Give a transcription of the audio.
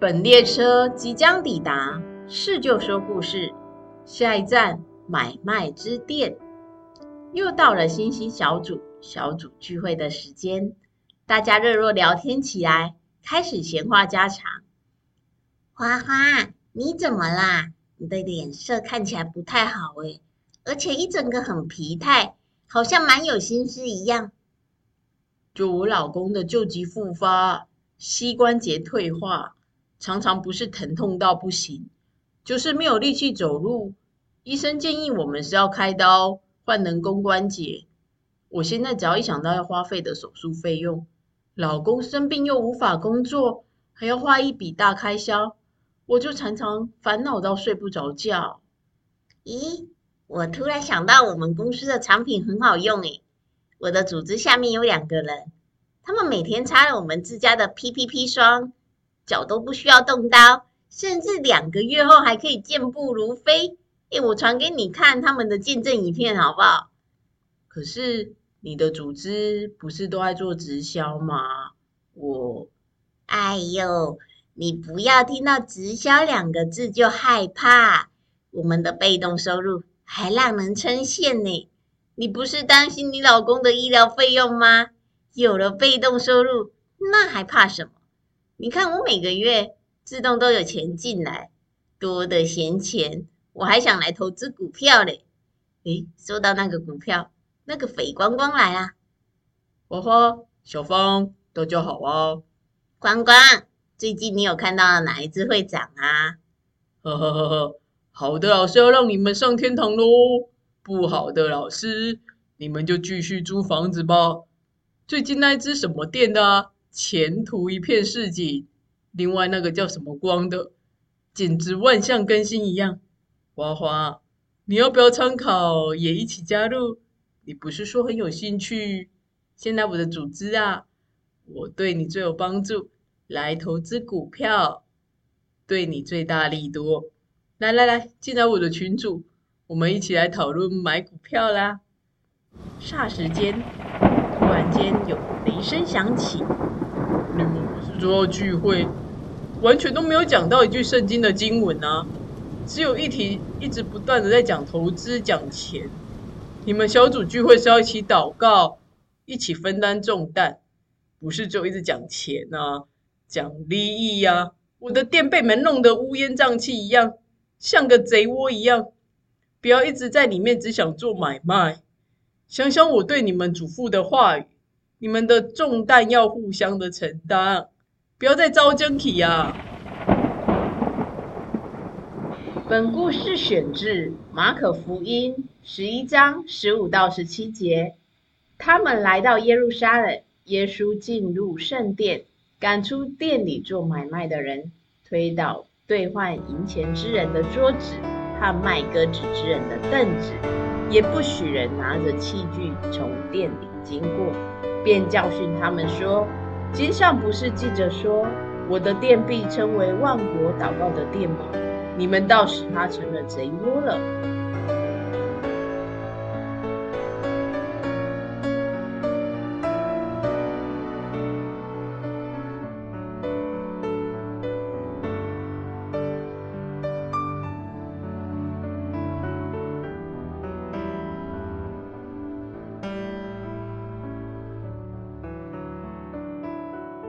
本列車即將抵達，是就說故事。下一站，買賣之殿。又到了星星小組小組聚會的時間，大家熱絡聊天起來，開始閒話家常。花花，你怎麼啦？你的臉色看起來不太好哎，而且一整個很疲態，好像蠻有心事一樣。就我老公的舊疾復發，膝關節退化。常常不是疼痛到不行，就是沒有力氣走路。醫生建議我們是要開刀換人工關節。我現在只要一想到要花費的手術費用，老公生病又無法工作，還要花一筆大開銷，我就常常煩惱到睡不着覺。咦，我突然想到我們公司的產品很好用誒。我的組織下面有兩個人，他們每天擦了我們自家的 PPP 霜。腳都不需要動刀，甚至兩個月後還可以健步如飛。哎、欸，我傳給你看他們的見證影片，好不好？可是你的組織不是都愛做直銷嗎？我，哎呦，你不要聽到直銷兩個字就害怕。我們的被動收入還讓人稱羨呢。你不是擔心你老公的醫療費用嗎？有了被動收入，那還怕什麼？你看，我每個月自動都有錢進來，多的閒錢，我還想來投資股票嘞。誒，說到那個股票，那個匪光光來啦。花花、小芳，大家好啊。光光，最近你有看到哪一隻會漲啊？呵呵呵呵，好的老師要讓你們上天堂嘍，不好的老師，你們就繼續租房子吧。最近那一隻什麼店的啊？前途一片似錦，另外那個叫什麼光的，簡直萬象更新一樣。花花，你要不要參考，也一起加入？你不是說很有興趣？現在我的組織啊，我對你最有幫助。來投資股票，對你最大利多。來來來，進來我的群組，我們一起來討論買股票啦。霎時間，突然間有雷聲響起。們不是主要聚會，完全都沒有講到一句聖經的經文啊！只有一題一直不斷的在講投資、講錢。你們小組聚會是要一起禱告、一起分擔重擔，不是只有一直講錢啊、講利益啊！我的店被門弄得烏煙瘴氣一樣，像個賊窩一樣，不要一直在裡面只想做買賣。想想我對你們囑咐的話語。你們的重擔要互相的承擔，不要再招爭議啊！本故事選自《馬可福音》十一章十五到十七節。他們來到耶路撒冷，耶穌進入聖殿，趕出殿裡做買賣的人，推倒兌換銀錢之人的桌子和賣鴿子之人的凳子也不許人拿着器具從殿裡經過。便教訓他們說：“經上不是記著，說我的殿必稱為萬國禱告的殿嗎？你們倒使它成了賊窩了。”